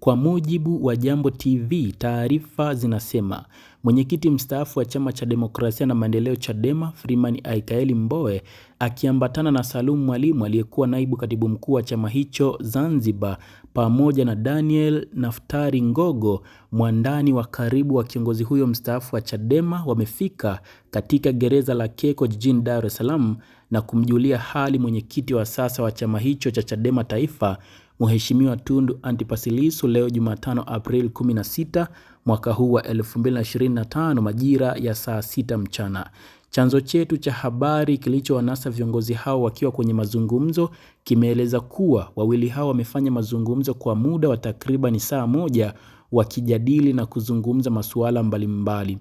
Kwa mujibu wa Jambo TV, taarifa zinasema mwenyekiti mstaafu wa chama cha demokrasia na maendeleo Chadema, Freeman Aikaeli Mbowe akiambatana na Salum Mwalimu aliyekuwa naibu katibu mkuu wa chama hicho Zanzibar, pamoja na Daniel Naftari Ngogo, mwandani wa karibu wa kiongozi huyo mstaafu wa Chadema, wamefika katika gereza la Keko jijini Dar es Salaam na kumjulia hali mwenyekiti wa sasa wa chama hicho cha Chadema Taifa Mheshimiwa Tundu Antipas Lissu leo Jumatano Aprili 16 mwaka huu wa 2025 majira ya saa sita mchana. Chanzo chetu cha habari kilichowanasa viongozi hao wakiwa kwenye mazungumzo kimeeleza kuwa wawili hao wamefanya mazungumzo kwa muda wa takribani saa moja wakijadili na kuzungumza masuala mbalimbali.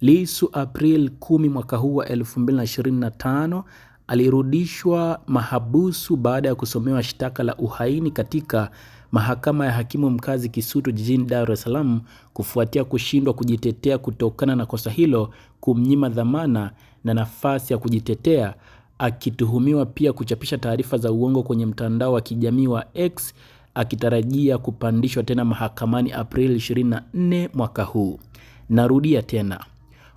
Lissu April 10 mwaka huu wa 2025 alirudishwa mahabusu baada ya kusomewa shtaka la uhaini katika mahakama ya hakimu mkazi Kisutu jijini Dar es Salaam kufuatia kushindwa kujitetea kutokana na kosa hilo kumnyima dhamana na nafasi ya kujitetea, akituhumiwa pia kuchapisha taarifa za uongo kwenye mtandao wa kijamii wa X akitarajia kupandishwa tena mahakamani Aprili 24 mwaka huu. Narudia tena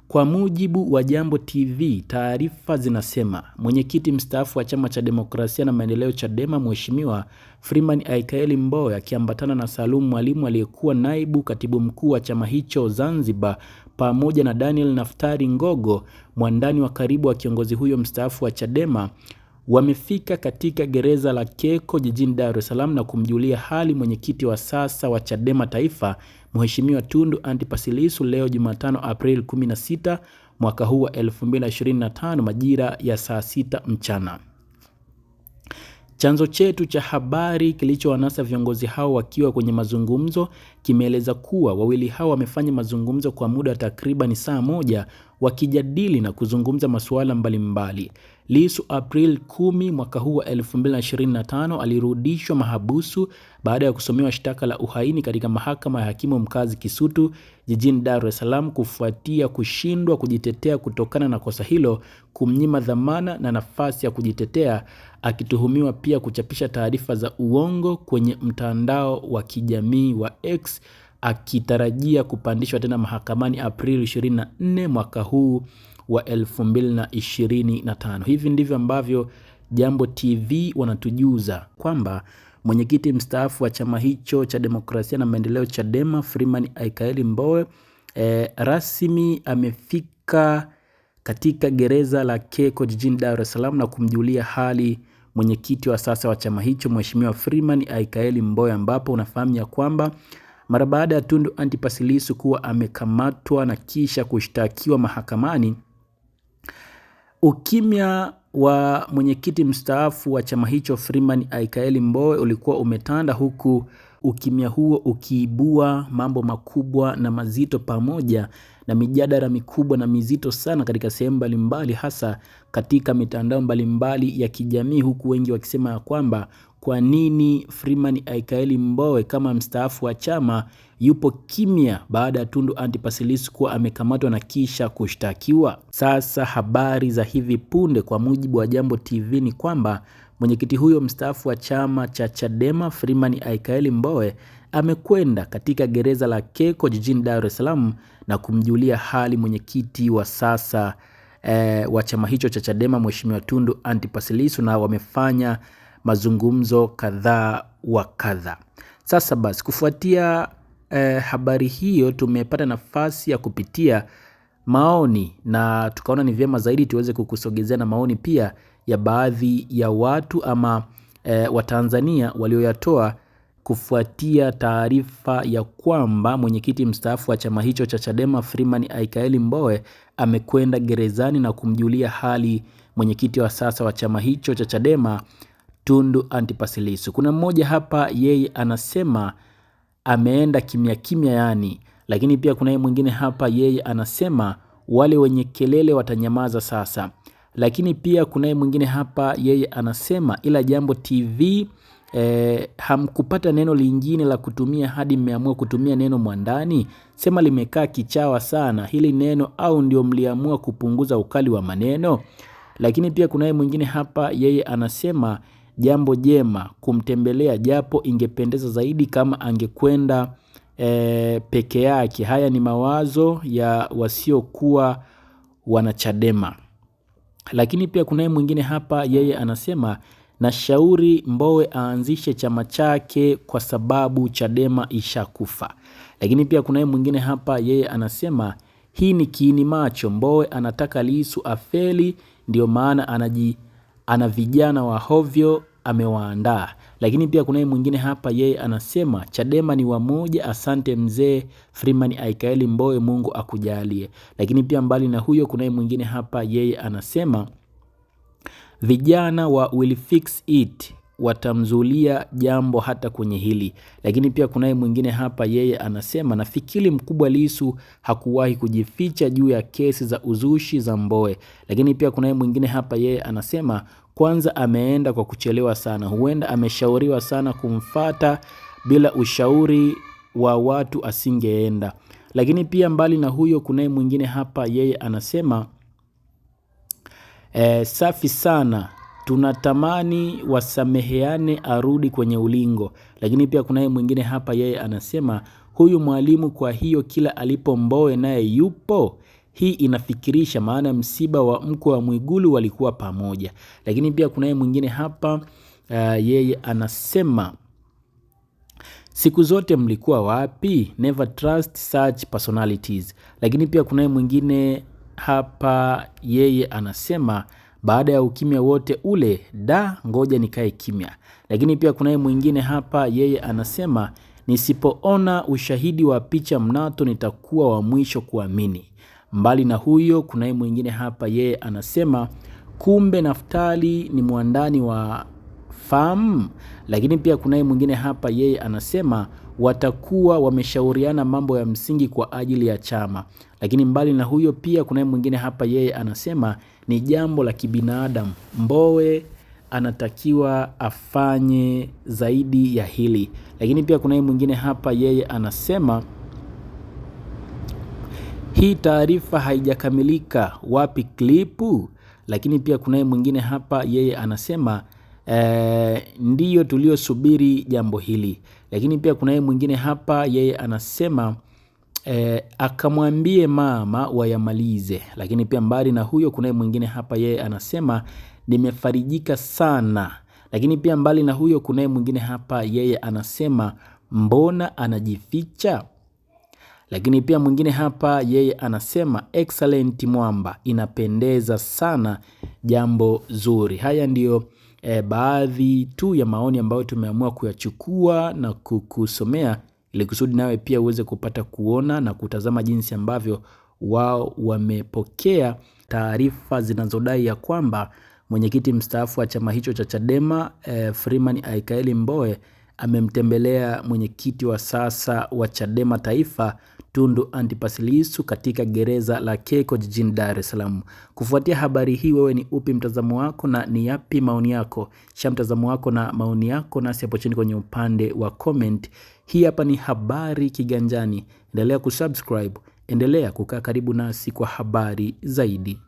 kwa mujibu wa Jambo TV, taarifa zinasema mwenyekiti mstaafu wa chama cha demokrasia na maendeleo Chadema, Mheshimiwa Freeman Aikaeli Mbowe akiambatana na Salum Mwalimu aliyekuwa naibu katibu mkuu wa chama hicho Zanzibar, pamoja na Daniel Naftari Ngogo, mwandani wa karibu wa kiongozi huyo mstaafu wa Chadema wamefika katika gereza la Keko jijini Dar es Salaam na kumjulia hali mwenyekiti wa sasa wa Chadema Taifa, Mheshimiwa Tundu Antipas Lissu leo Jumatano Aprili 16 mwaka huu wa 2025 majira ya saa sita mchana. Chanzo chetu cha habari kilichowanasa viongozi hao wakiwa kwenye mazungumzo kimeeleza kuwa wawili hao wamefanya mazungumzo kwa muda wa takriban saa moja wakijadili na kuzungumza masuala mbalimbali. Lissu April 10 mwaka huu wa 2025 alirudishwa mahabusu baada ya kusomewa shtaka la uhaini katika mahakama ya hakimu mkazi Kisutu jijini Dar es Salaam kufuatia kushindwa kujitetea kutokana na kosa hilo kumnyima dhamana na nafasi ya kujitetea, akituhumiwa pia kuchapisha taarifa za uongo kwenye mtandao wa kijamii wa X akitarajia kupandishwa tena mahakamani Aprili 24 mwaka huu wa 2025. Hivi ndivyo ambavyo Jambo TV wanatujuza kwamba mwenyekiti mstaafu wa chama hicho cha demokrasia na maendeleo Chadema Freeman Aikaeli Mbowe e, rasmi amefika katika gereza la Keko jijini Dar es Salaam na kumjulia hali mwenyekiti wa sasa wa chama hicho Mheshimiwa Freeman Aikaeli Mbowe, ambapo unafahamu ya kwamba mara baada ya Tundu Antipas Lissu kuwa amekamatwa na kisha kushtakiwa mahakamani, ukimya wa mwenyekiti mstaafu wa chama hicho Freeman Aikaeli Mbowe ulikuwa umetanda, huku ukimya huo ukiibua mambo makubwa na mazito pamoja na mijadala mikubwa na mizito sana katika sehemu mbalimbali, hasa katika mitandao mbalimbali ya kijamii, huku wengi wakisema ya kwamba kwa nini Freeman Aikaeli Mbowe kama mstaafu wa chama yupo kimya baada ya Tundu Antipas Lissu kuwa amekamatwa na kisha kushtakiwa. Sasa habari za hivi punde kwa mujibu wa Jambo TV ni kwamba mwenyekiti huyo mstaafu wa chama cha Chadema Freeman Aikaeli Mbowe amekwenda katika gereza la Keko jijini Dar es Salaam na kumjulia hali mwenyekiti wa sasa E, wa chama hicho cha Chadema Mheshimiwa Tundu Antipas Lissu na wamefanya mazungumzo kadhaa wa kadha. Sasa basi kufuatia eh, habari hiyo tumepata nafasi ya kupitia maoni na tukaona ni vyema zaidi tuweze kukusogezea na maoni pia ya baadhi ya watu ama eh, Watanzania walioyatoa kufuatia taarifa ya kwamba mwenyekiti mstaafu wa chama hicho cha Chadema Freeman Aikaeli Mbowe amekwenda gerezani na kumjulia hali mwenyekiti wa sasa wa chama hicho cha Chadema Tundu Antipas Lissu. Kuna mmoja hapa, yeye anasema ameenda kimya kimya, yani. Lakini pia yeye mwingine hapa, yeye anasema wale wenye kelele watanyamaza sasa. Lakini pia kunaye mwingine hapa, yeye anasema ila Jambo TV eh, hamkupata neno lingine la kutumia hadi mmeamua kutumia neno mwandani. Sema limekaa kichawa sana hili neno, au ndio mliamua kupunguza ukali wa maneno? Lakini pia kunaye mwingine hapa, yeye anasema jambo jema kumtembelea japo ingependeza zaidi kama angekwenda e, peke yake. Haya ni mawazo ya wasiokuwa wanachadema. Lakini pia kunaye mwingine hapa, yeye anasema nashauri Mbowe aanzishe chama chake kwa sababu Chadema ishakufa. Lakini pia kunaye mwingine hapa, yeye anasema hii ni kiini macho. Mbowe anataka Lisu afeli, ndio maana anaji ana vijana wa hovyo amewaandaa. Lakini pia kunaye mwingine hapa, yeye anasema Chadema ni wamoja. Asante mzee Freeman Aikaeli Mbowe, Mungu akujalie. Lakini pia mbali na huyo, kunaye mwingine hapa, yeye anasema vijana wa will fix it watamzulia jambo hata kwenye hili. Lakini pia kunaye mwingine hapa, yeye anasema nafikiri Mkubwa Lisu hakuwahi kujificha juu ya kesi za uzushi za Mbowe. Lakini pia kunaye mwingine hapa, yeye anasema kwanza, ameenda kwa kuchelewa sana, huenda ameshauriwa sana. Kumfata bila ushauri wa watu asingeenda. Lakini pia mbali na huyo, kunaye mwingine hapa, yeye anasema eh, safi sana tunatamani wasameheane arudi kwenye ulingo. Lakini pia kunaye mwingine hapa, yeye anasema huyu mwalimu, kwa hiyo kila alipo Mbowe naye yupo. Hii inafikirisha, maana msiba wa mkwe wa Mwigulu walikuwa pamoja. Lakini pia kunaye mwingine hapa uh, yeye anasema siku zote mlikuwa wapi? Never trust such personalities. Lakini pia kunaye mwingine hapa, yeye anasema baada ya ukimya wote ule, da, ngoja nikae kimya. Lakini pia kunaye mwingine hapa, yeye anasema nisipoona ushahidi wa picha mnato nitakuwa wa mwisho kuamini. Mbali na huyo, kunaye mwingine hapa, yeye anasema kumbe Naftali ni mwandani wa fam. Lakini pia kunaye mwingine hapa, yeye anasema watakuwa wameshauriana mambo ya msingi kwa ajili ya chama. Lakini mbali na huyo, pia kunaye mwingine hapa, yeye anasema ni jambo la kibinadamu. Mbowe anatakiwa afanye zaidi ya hili, lakini pia kunaye mwingine hapa, yeye anasema hii taarifa haijakamilika, wapi klipu? Lakini pia kunaye mwingine hapa, yeye anasema e, ndiyo tuliosubiri jambo hili. Lakini pia kunaye mwingine hapa, yeye anasema E, akamwambie mama wayamalize. Lakini pia mbali na huyo, kunaye mwingine hapa, yeye anasema nimefarijika sana. Lakini pia mbali na huyo, kunaye mwingine hapa, yeye anasema mbona anajificha? Lakini pia mwingine hapa, yeye anasema excellent mwamba, inapendeza sana, jambo zuri. Haya ndiyo e, baadhi tu ya maoni ambayo tumeamua kuyachukua na kukusomea ili kusudi nawe pia uweze kupata kuona na kutazama jinsi ambavyo wao wamepokea taarifa zinazodai ya kwamba mwenyekiti mstaafu wa chama hicho cha Chadema eh, Freeman Aikaeli Mbowe amemtembelea mwenyekiti wa sasa wa Chadema Taifa Tundu Antipas Lissu katika gereza la Keko jijini Dar es Salaam. Kufuatia habari hii, wewe ni upi mtazamo wako na ni yapi maoni yako? Sha mtazamo wako na maoni yako nasi hapo chini kwenye upande wa comment. Hii hapa ni Habari Kiganjani. Endelea kusubscribe, endelea kukaa karibu nasi kwa habari zaidi.